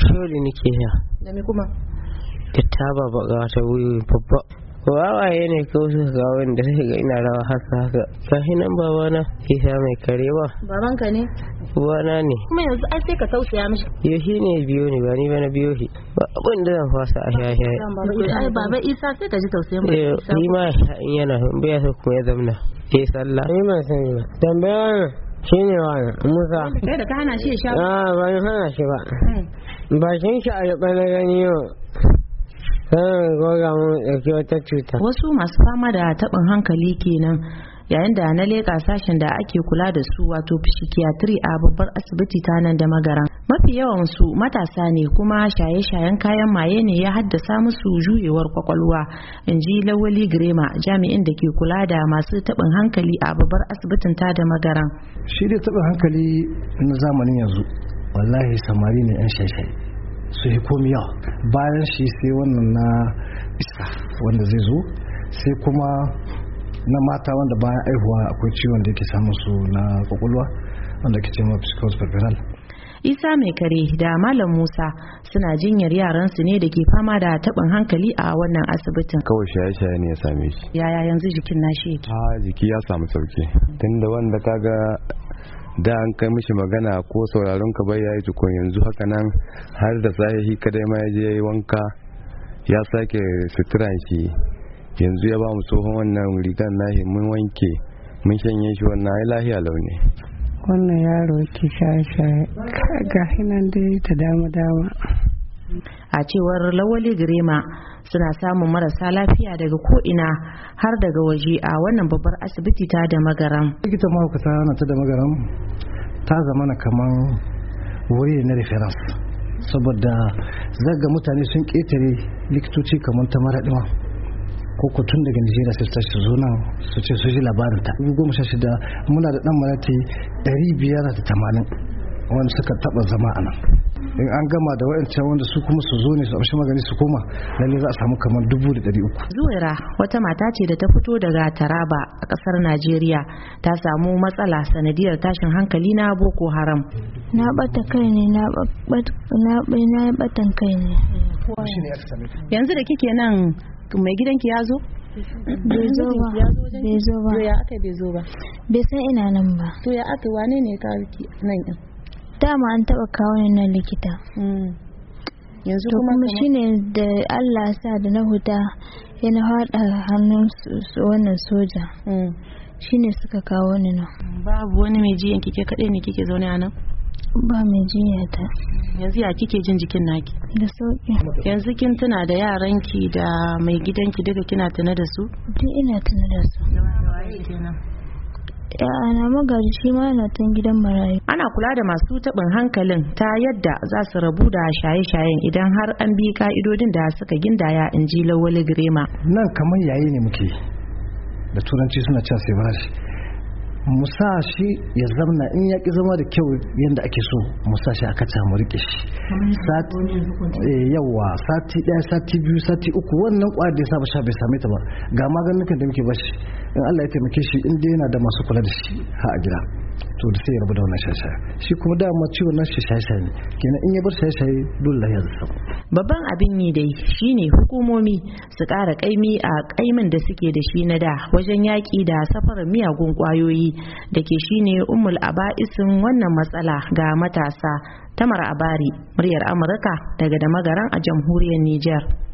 Sholi nake ya. Da me kuma? Da ba ga ta wuyi babba. Wawaye ne ko ga kawo da suka ga ina rawa haka haka. shi nan babana ke sha mai kare ba. ka ne? Uwana ne. Kuma yanzu an sai ka tausaya mishi. Ya shi ne biyo ne ba ni ba na biyo shi. Ba abin da zan fasa a shaye. Ai baba Isa sai ka ji tausayin ba. Ni ma in yana in bai kuma ya zamna. Ke sallah. Ni ma sani ba. Tambaya wannan. shi ne wa musa da ka hana shi ya sha ba ah, ba shi ba hmm. bakin shi a yi na gani yau sanar goga mun ɗauki wata cuta wasu masu fama da taɓin hankali kenan yayin da na leƙa sashen da ake kula da su wato psychiatry a babbar asibiti ta nan da magaran mafi yawan su matasa ne kuma shaye-shayen kayan maye ne ya haddasa musu juyewar kwakwalwa in ji lawali grema jami'in da ke kula da masu taɓin hankali a babbar asibitin ta da magaran shi da taɓin hankali na zamanin yanzu wallahi samari ne yan shaye-shaye su yi komiya bayan shi sai wannan na iska wanda zai zo sai kuma na mata wanda bayan aihuwa akwai ciwon da yake samun su na kwakwalwa wanda ke ce ma psychosis isa mai kare da malam musa suna jinyar yaransu ne da ke fama da taɓin hankali a wannan asibitin kawai shaye-shaye ne ya same shi yaya yanzu jikin shi yake a jiki ya samu sauki tunda wanda ka ga da an kai mishi magana ko sauraron ka bai yayi tukun yanzu haka nan har da sahihi kadai ma ya je wanka ya sake suturan shi yanzu ya ba mu tsohon wannan rigan nahi mun wanke mun shanye shi wannan ai lahiya launi wannan yaro ke shaye-shaye ga hinan dai ta dama-dama a cewar lawali girema suna samun marasa lafiya daga ko'ina har daga waje a wannan babbar asibiti ta da magaram likita mahaukata na ta da magaram ta zama na kaman wuri na referens saboda zaga mutane sun ketare likitoci kamar ta dima ko tun daga nigeria su tashi zo nan su ce su ji labarin ta dubu goma sha shida muna da dan malati ɗari biyar da tamanin wanda suka taɓa zama a nan in an gama da wa'ancan wanda su kuma su zo ne su amshi magani su koma lalle za a samu kamar dubu da ɗari uku. zuwaira wata mata ce da ta fito daga taraba a ƙasar najeriya ta samu matsala sanadiyar tashin hankali na boko haram na ɓata kai ne na bata kai ne yanzu da kike nan mai gidanki ya zo bai zo ba bai zo ba ya aka bai zo ba bai san ina nan ba to ya aka wane ne ka ki nan din dama an taba kawo ni nan likita hmm. yanzu kuma kuma shine da Allah sa da na huta yana hada hannun wannan soja hmm. shine suka kawo ni nan babu wani mai jiyan kike kadai ne kike zaune a nan ba mai jinya ta yanzu ya kike jin jikin naki da sauki yanzu kin tuna da yaranki da mai gidanki duka kina tuna da su duk ina tuna da su ana magaji shi ma yana tun gidan marayu ana kula da masu taɓin hankalin ta yadda za su rabu da shaye-shayen idan har an bi ka'idodin da suka gindaya in ji lawali girema nan kamar yayi ne muke da turanci suna cewa sai mu shi ya zamna in ya ki zama da kyau yadda ake so mu shi aka mu rike shi yawa sati daya eh, sati biyu sati uku wannan kwari da ya saba sha bai same ta ba ga maganin da muke bashi in Allah ya taimake shi in dai yana da masu kula da shi ha a gida to da sai ya rabu da wannan shashaya shi kuma dama ciwon nan shashaya ne kenan in ya bar shashaya dole ya zama babban abin yi dai shine hukumomi su ƙara ƙaimi a ƙaimin da suke da shi na da wajen yaƙi da safarar miyagun ƙwayoyi da ke shine umul aba'isin wannan matsala ga matasa tamar abari muryar amurka daga da magaran a jamhuriyar niger